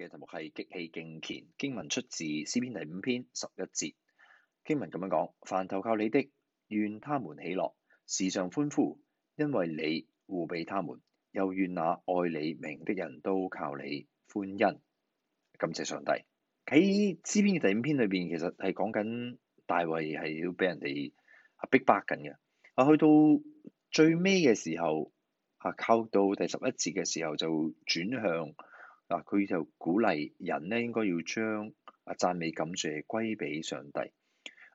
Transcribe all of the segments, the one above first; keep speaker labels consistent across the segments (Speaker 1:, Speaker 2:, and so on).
Speaker 1: 嘅題目係激起敬虔，經文出自詩篇第五篇十一節。經文咁樣講，凡投靠你的，願他們喜樂，時常歡呼，因為你護庇他們，又願那愛你名的人都靠你歡欣。感謝上帝。喺詩篇嘅第五篇裏邊，其實係講緊大衛係要俾人哋啊逼迫緊嘅啊，去到最尾嘅時候啊，靠到第十一節嘅時候就轉向。嗱，佢、啊、就鼓勵人咧，應該要將啊讚美感謝歸俾上帝。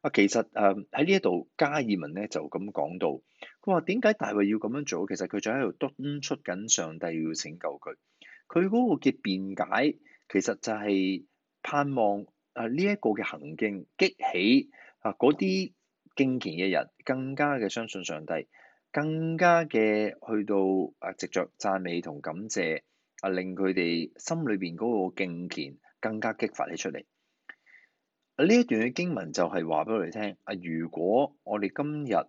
Speaker 1: 啊，其實誒喺、啊、呢一度加爾文咧就咁講到：「佢話點解大衛要咁樣做？其實佢仲喺度敦促緊上帝要拯救佢。佢嗰個嘅辯解其實就係盼望啊呢一個嘅行徑激起啊嗰啲敬虔嘅人更加嘅相信上帝，更加嘅去到啊，藉著讚美同感謝。令佢哋心裏邊嗰個敬虔更加激發起出嚟。呢一段嘅經文就係話俾我哋聽：啊，如果我哋今日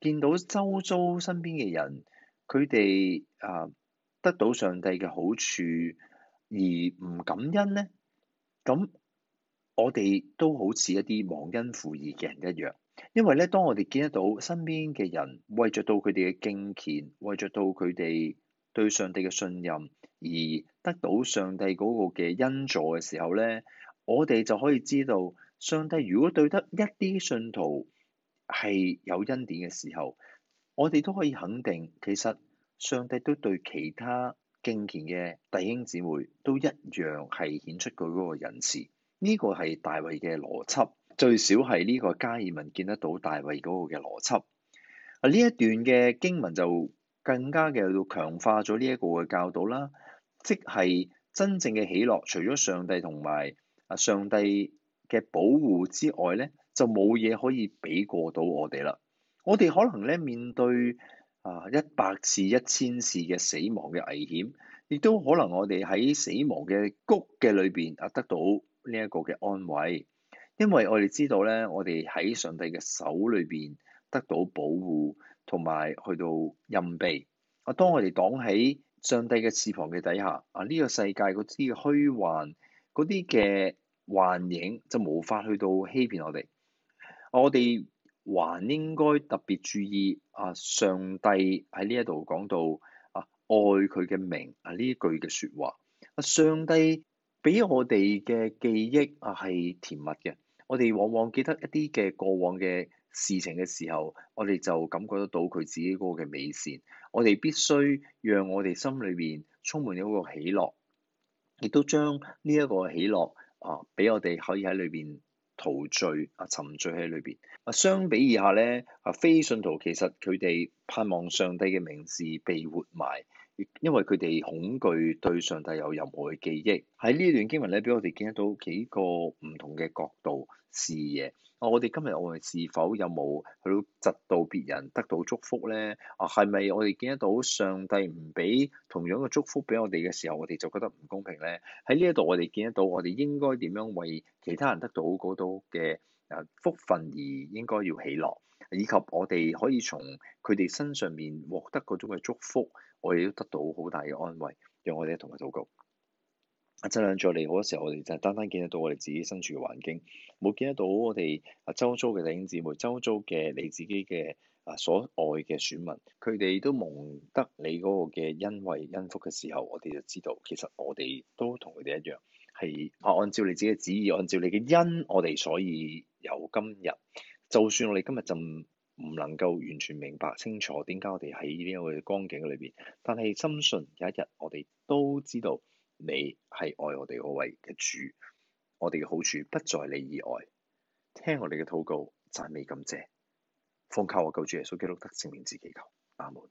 Speaker 1: 見到周遭身邊嘅人，佢哋啊得到上帝嘅好處而唔感恩咧，咁我哋都好似一啲忘恩負義嘅人一樣。因為咧，當我哋見得到身邊嘅人為著到佢哋嘅敬虔，為著到佢哋對上帝嘅信任。而得到上帝嗰個嘅恩助嘅時候咧，我哋就可以知道，上帝如果對得一啲信徒係有恩典嘅時候，我哋都可以肯定，其實上帝都對其他敬虔嘅弟兄姊妹都一樣係顯出佢嗰個仁慈。呢個係大衛嘅邏輯，最少係呢個加爾文見得到大衛嗰個嘅邏輯啊，呢一段嘅經文就更加嘅強化咗呢一個嘅教導啦。即係真正嘅喜樂，除咗上帝同埋啊上帝嘅保護之外咧，就冇嘢可以比過到我哋啦。我哋可能咧面對啊一百次一千次嘅死亡嘅危險，亦都可能我哋喺死亡嘅谷嘅裏邊啊得到呢一個嘅安慰，因為我哋知道咧，我哋喺上帝嘅手裏邊得到保護，同埋去到蔭庇。啊，當我哋擋起。上帝嘅翅膀嘅底下，啊呢個世界嗰啲虛幻、嗰啲嘅幻影就無法去到欺騙我哋。啊，我哋還應該特別注意啊！上帝喺呢一度講到啊，愛佢嘅名啊呢句嘅說話。啊，上帝俾我哋嘅記憶啊係甜蜜嘅，我哋往往記得一啲嘅過往嘅。事情嘅時候，我哋就感覺得到佢自己嗰個嘅美善。我哋必須讓我哋心裏面充滿咗一個喜樂，亦都將呢一個喜樂啊，俾我哋可以喺裏邊陶醉啊、沉醉喺裏邊。啊，相比以下咧，啊，非信徒其實佢哋盼望上帝嘅名字被活埋。因為佢哋恐懼對上帝有任何嘅記憶，喺呢段經文咧，俾我哋見得到幾個唔同嘅角度視野。啊，我哋今日我哋是否有冇去到妒忌別人得到祝福咧？啊，係咪我哋見得到上帝唔俾同樣嘅祝福俾我哋嘅時候，我哋就覺得唔公平咧？喺呢一度我哋見得到我哋應該點樣為其他人得到嗰度嘅啊福分而應該要喜樂。以及我哋可以從佢哋身上面獲得嗰種嘅祝福，我哋都得到好大嘅安慰。讓我哋同佢禱告。啊，真亮再嚟好多時候，我哋就係單單見得到我哋自己身處嘅環境，冇見得到我哋啊周遭嘅弟兄姊妹、周遭嘅你自己嘅啊所愛嘅選民，佢哋都蒙得你嗰個嘅恩惠恩福嘅時候，我哋就知道其實我哋都同佢哋一樣，係啊按照你自己嘅旨意，按照你嘅恩，我哋所以由今日。就算我哋今日就唔能夠完全明白清楚點解我哋喺呢一個光景裏邊，但係深信有一日我哋都知道你係愛我哋嗰位嘅主，我哋嘅好處不在你以外。聽我哋嘅禱告，讚美感謝，奉靠我救主耶穌基督得勝名字祈求，阿門。